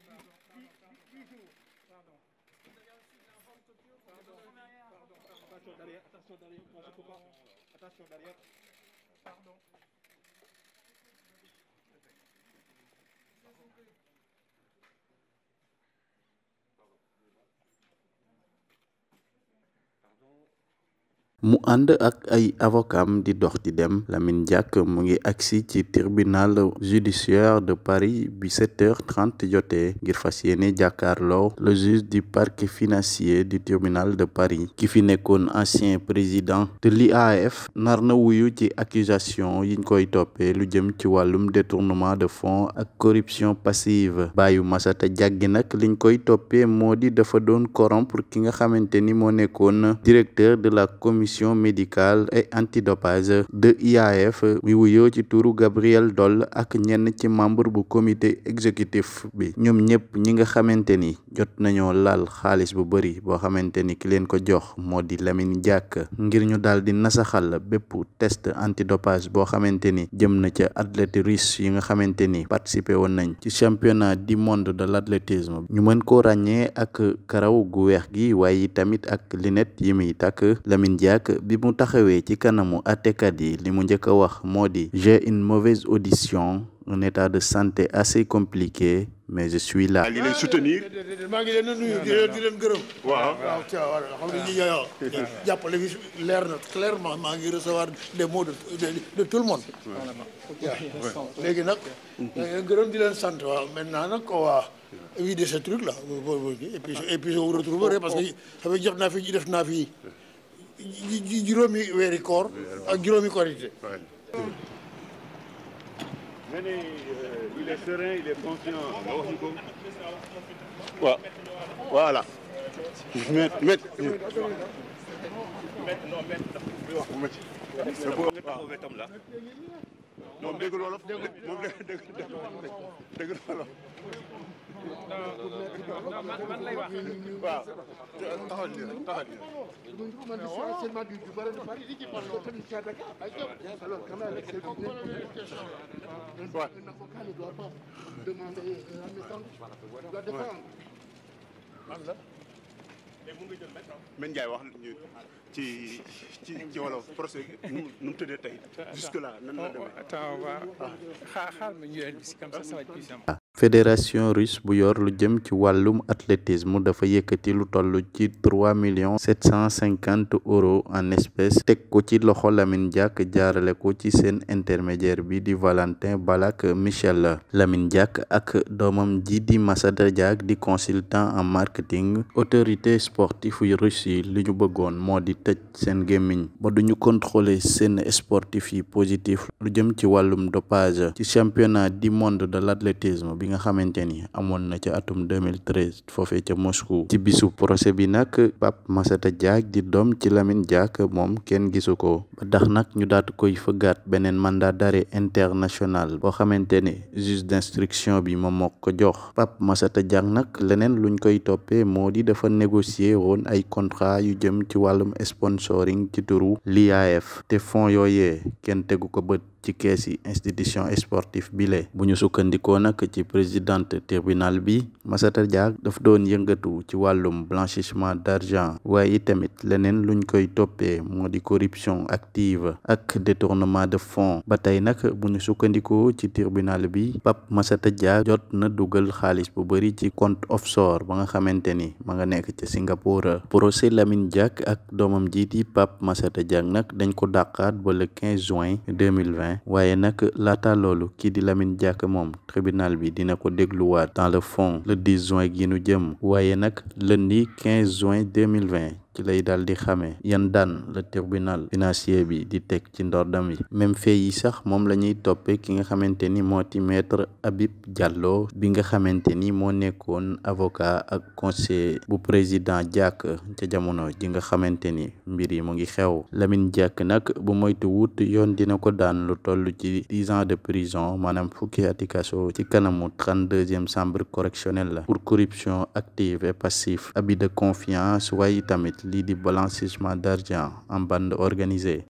10 jours. Pardon. Vous avez reçu l'informe copure Pardon, pardon, pardon. Attention derrière, attention derrière. Attention derrière. Pardon. mu ànd ak ay avocam di dox di dem Lamine Diack mu ngi agsi ci tribunal judiciaire de Paris bi sept heures trente jotee ngir fas yéene jàkkaarloo le juge du parquet financier du tribunal de Paris ki fi nekkoon ancien président de l'IAAF nar na wuyu ci accusation yiñ koy toppee lu jëm ci wàllum détournement de fonds ak corruption passive baayu Massata Diack nag liñ koy toppee moo di dafa doon corrompre ki nga xamante ni moo nekkoon directeur de la commission commission médicale et antidopage de IAAF mi wuyoo ci turu Gabriel Doll ak ñenn ci membre bu comité exécutif bi ñoom ñëpp ñi nga xamante ni jot nañoo laal xaalis bu bëri boo xamante ni ki leen ko jox moo di Lamine Diack ngir ñu daal di nasaxal bépp test antidopage boo xamante ni jëm na ca athlète russe yi nga xamante ni participé woon nañ ci championnat du monde de l'athlétisme ñu mën koo ràññee ak karaw gu weex gi waaye tamit ak lunette yi muy tàkk nag bi mu taxawee ci kanamu àttekat yi li mu njëkk wax moo di une mauvaise audition un état de santé assez compliqué mais je suis là. li leen ca waaw xam nga ñi yow jàppale leer na clairement maa recevoir des mots de de tout le monde. waaw léegi nag. di leen sant waaw maintenant nag waa. éviter ce truc là et puis et puis parce que oh, oh. xam nga jot fi def fi. juróomi weeri koor ak juróomi korité nga ne euh, il est serein il est conscient nga wax ñu ko waaw voilà met met met non met moom dégg loolu moom dégg dégg dégg loolu. non man man lay wax. waaw taxawal nii rek taxawal nii rek. waaw. Mbène Ndiaye wax nañu ci ci ci wolof procès nu mu nu mu tëddee tey. Ah, jusque là nan la ah, ah, demee. attends on xaar xaar ma ñu indi si comme ça ça va fédération russe bu yor lu jëm ci wàllum athlétisme dafa yëkkati lu toll ci trois millions sept cent cinquante euros en espèces teg ko ci loxo Lamine Diack jaarale ko ci seen intermédiaire bi di Valentin Balak Michel Lamine Diack ak doomam ji di Masada Diack di consultant en marketing autorité sportif yu russe yi bëggoon moo di tëj seen gémmiñ ba duñu contrôler seen sportif yi positif lu jëm ci wàllum dopage ci championnat du monde de l'athlétisme bi nga xamante ni amoon na ca atum 2013 foofee ca Moscou ci bisu procès bi nag Pape Massata Diack di doom ci Lamine Diack moom kenn gisu ko ba tax nag ñu daat koy fëggaat beneen mandat d'arrêt international boo xamante ne juge d'instruction bi moom moo ko jox Pape Massata Diack nag leneen luñ koy toppee moo di dafa négocier woon ay contrat yu jëm ci wàllum sponsoring ci turu l'IAAF te fonds yooyee kenn tegu ko bët ci kees yi institution sportive bile bu ñu sukkandikoo nag ci présidente tribunal bi Massata Diack daf doon yëngatu ci wàllum blanchissement d'argent waaye itamit leneen luñ koy toppee moo di corruption active ak détournement de fonds ba tey nag bu ñu sukkandikoo ci tribunal bi Pape Massata Diack jot na dugal xaalis bu bëri ci compte offshore ba nga xamante ni ma nga nekk ci Singapour procès Lamine Diack ak doomam jiiti Pape Massata Diack nag dañ ko dàqaat ba le 15 juin 2020 juin waaye nag laata loolu kii di Lamine Diack moom tribunal bi dina ko dégluwaat dans le fond le 10 juin gi nu jëm waaye nag lundi 15 juin 2020 ci lay daal di xamee yan daan la tribunal financier bi di teg ci ndordam yi même fee yi sax moom la ñuy toppee ki nga xamante ni moo ci maître Habib Diallo bi nga xamante ni moo nekkoon avocat ak conseiller bu président Diack ca jamono ji nga xamante ni mbir yi mu ngi xew lamin Diack nag bu moytu wut yoon dina ko daan lu toll ci dix de prison maanaam fukki ati ci kanamu trente deuxième chambre correctionnelle la pour corruption active et passive abus confiance waaye tamit lii di blanchiment d'argent en bande organisée